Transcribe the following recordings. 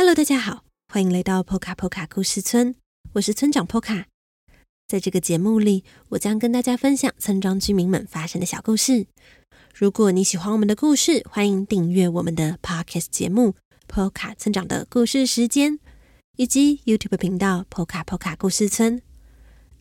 Hello，大家好，歡迎來到 Poca p o 波 a 故事村，我是村長 k a 在這個節目裡，我將跟大家分享村莊居民們發生的小故事。如果你喜歡我們的故事，歡迎訂閱我們的 Podcast 節目《p o k a 村長的故事時間》，以及 YouTube 頻道《Poca p o 波 a 故事村》。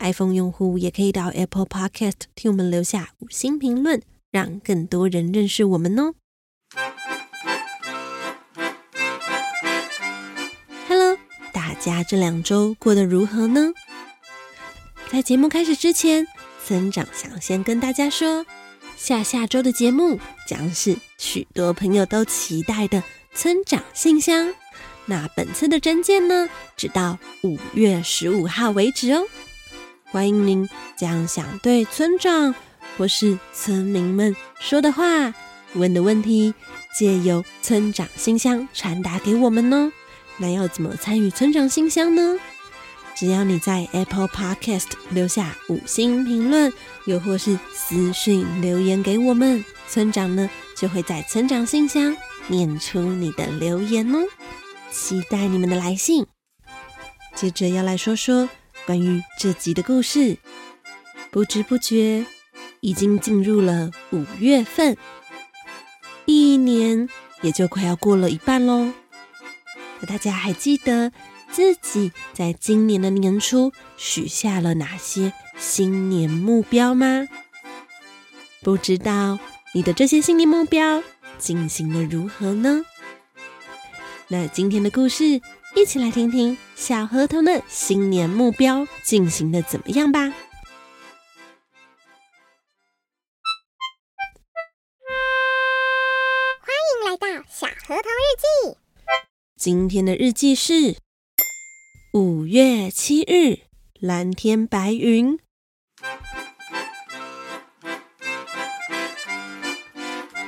iPhone 用戶也可以到 Apple Podcast 替我們留下五星評論，讓更多人認識我們哦。家這兩週過得如何呢？在節目開始之前，村長想先跟大家說，下下周的節目將是許多朋友都期待的村長信箱。那本次的徵件呢，直到五月十五號為止哦。歡迎您將想對村長或是村民們說的話、問的問題，藉由村長信箱傳達給我們呢、哦。那要怎麼參與村長信箱呢？只要你在 Apple Podcast 留下五星評論，又或是私訊、留言給我們，村長呢就會在村長信箱念出你的留言哦。期待你們的來信。接着要來說說關於這集的故事。不知不覺已經進入了五月份，一年也就快要過了一半嘍。那大家還記得自己在今年的年初許下了哪些新年目標嗎？不知道你的這些新年目標進行的如何呢？那今天的故事一起來聽聽小河童的新年目標進行得怎麼樣吧。今天的日記是五月七日，藍天白雲。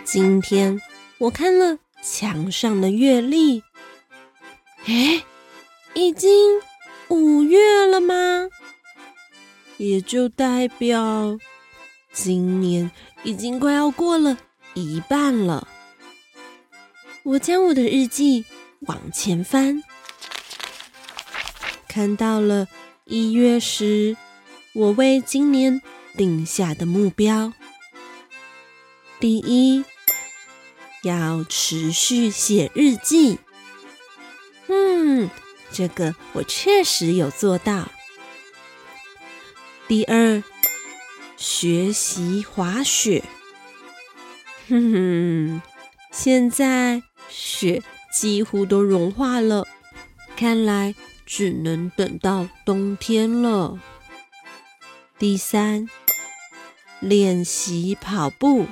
今天我看了牆上的月曆，誒，已經五月了嗎？也就代表今年已經快要過了一半了。我將我的日記，往前翻，看到了一月時，我為今年定下的目標：第一，要持續寫日記。嗯，這個我確實有做到。第二，學習滑雪。哼哼，現在雪。幾乎都融化了，看來只能等到冬天了。第三，練習跑步。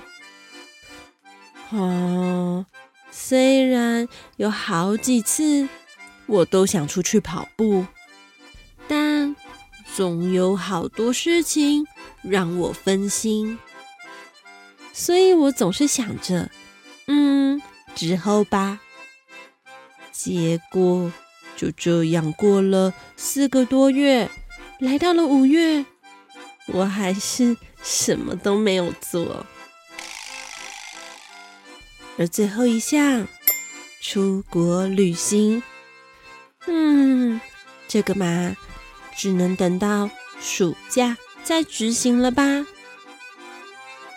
哦，雖然有好幾次我都想出去跑步，但總有好多事情讓我分心。所以我總是想着，嗯，之後吧。結果就這樣過了四個多月，來到了五月，我還是什麼都沒有做。而最後一項出國旅行，嗯，這個嘛，只能等到暑假再執行了吧。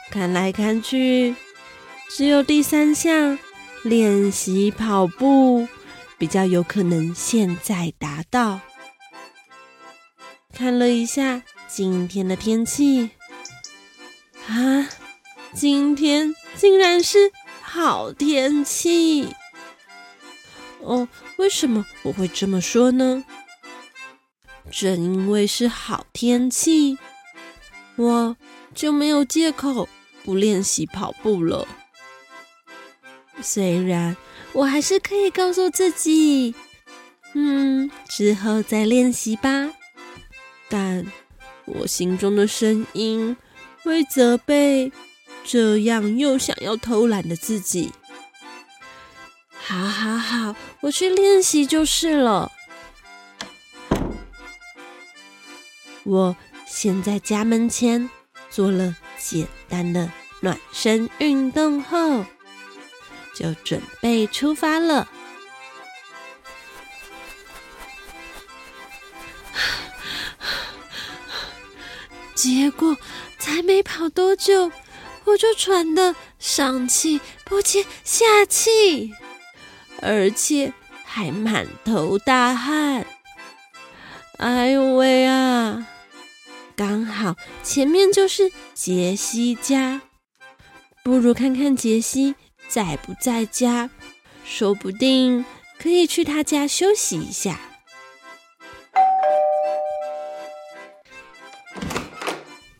看來看去，只有第三項練習跑步，比較有可能現在達到。看了一下今天的天氣，啊，今天竟然是好天氣。哦，為什麼我會這麼說呢？正因為是好天氣，我就沒有借口不練習跑步了。雖然。我還是可以告訴自己，嗯，之後再練習吧。但我心中的聲音會責備這樣又想要偷懶的自己。好好好，我去練習就是了。我先在家門前做了簡單的暖身運動後。就準備出發了，結果才沒跑多久，我就喘得上氣不接下氣，而且還滿頭大汗。哎呦喂啊！剛好前面就是傑西家，不如看看傑西。在不在家？說不定可以去他家休息一下。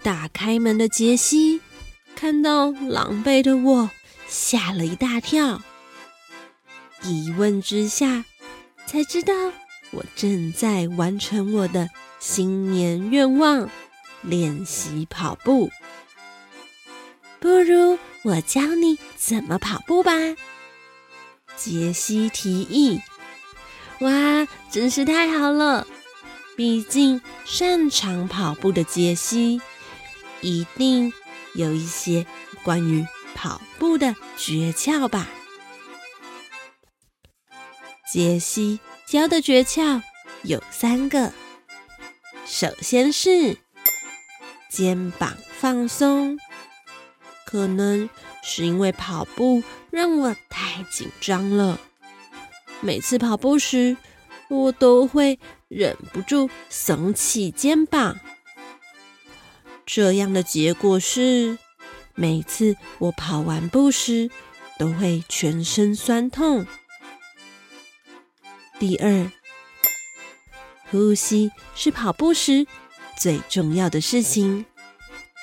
打開門的傑西看到狼狽的我，嚇了一大跳。一問之下，才知道我正在完成我的新年願望——練習跑步。不如我教你怎麼跑步吧？傑西提議。哇，真是太好了！畢竟擅長跑步的傑西，一定有一些關於跑步的訣竅吧？傑西教的訣竅有三個。首先是肩膀放鬆，可能。是因為跑步讓我太緊張了。每次跑步時，我都會忍不住聳起肩膀。這樣的結果是，每次我跑完步時都會全身痠痛。第二，呼吸是跑步時最重要的事情，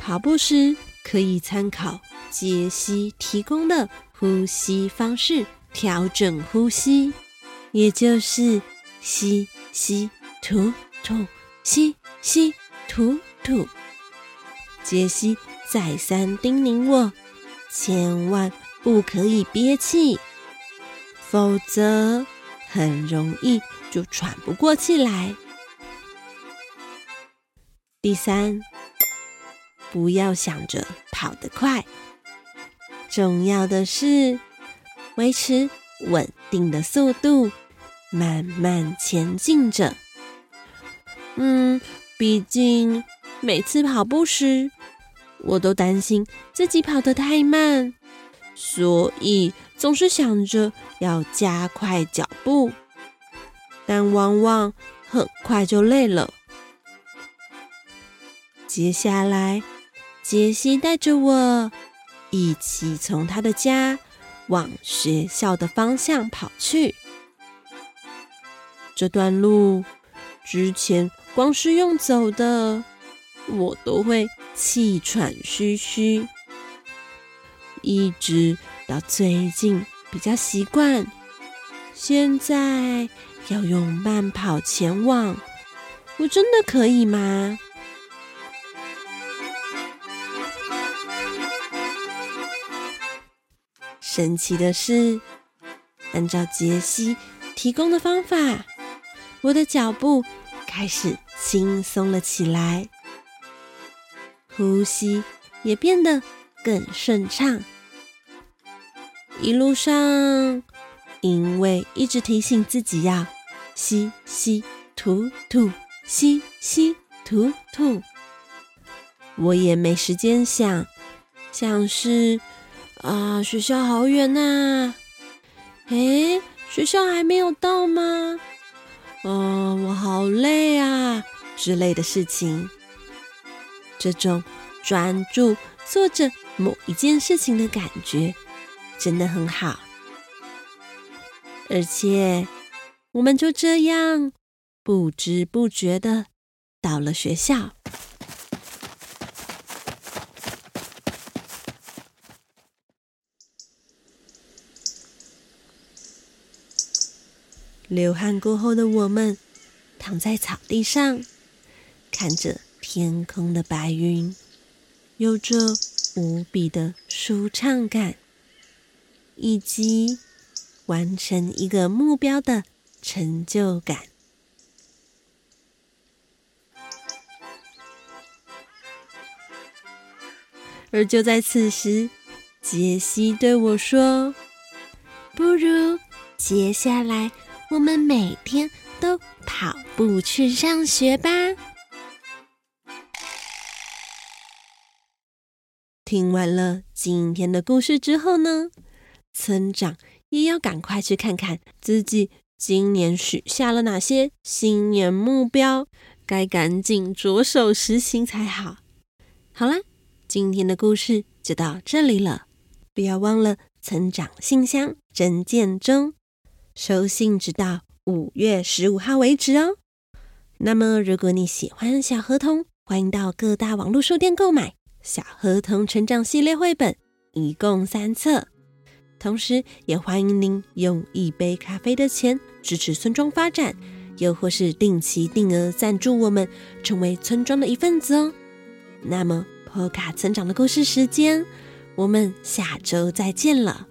跑步時可以參考。傑西提供的呼吸方式，調整呼吸，也就是吸吸吐吐，吸吸吐吐。傑西再三叮嚀我，千萬不可以憋氣，否則很容易就喘不過氣來。第三，不要想着跑得快。重要的是維持穩定的速度，慢慢前進着。嗯，畢竟每次跑步時，我都擔心自己跑得太慢，所以總是想着要加快腳步，但往往很快就累了。接下來，杰西帶着我。一起從他的家往學校的方向跑去。這段路之前光是用走的，我都會氣喘吁吁，一直到最近比較習慣，現在要用慢跑前往，我真的可以嗎？神奇的是，按照傑西提供的方法，我的腳步開始輕鬆了起來，呼吸也變得更順暢。一路上，因為一直提醒自己要吸吸吐吐，吸吸吐吐，我也沒時間想，像是，啊，學校好遠吶，啊！誒，學校還沒有到嗎？哦，啊，我好累啊，之類的事情。這種專注做着某一件事情的感覺，真的很好。而且，我們就這樣不知不覺的到了學校。流汗過後的我們，躺在草地上，看着天空的白雲，有着無比的舒暢感，以及完成一個目標的成就感。而就在此時，杰西對我說：“不如接下來。”我們每天都跑步去上學吧。聽完了今天的故事之後呢，村長也要趕快去看看自己今年許下了哪些新年目標，該趕緊着手實行才好。好啦，今天的故事就到這裡了，不要忘了村長信箱，徵件中。收信直到五月十五號為止哦。那麼，如果你喜歡小河童，歡迎到各大網絡書店購買《小河童成長系列繪本》，一共三冊。同時，也歡迎您用一杯咖啡的錢支持村莊發展，又或是定期定額贊助我們，成為村莊的一份子哦。那麼，PO 卡成長的故事時間，我們下週再見了。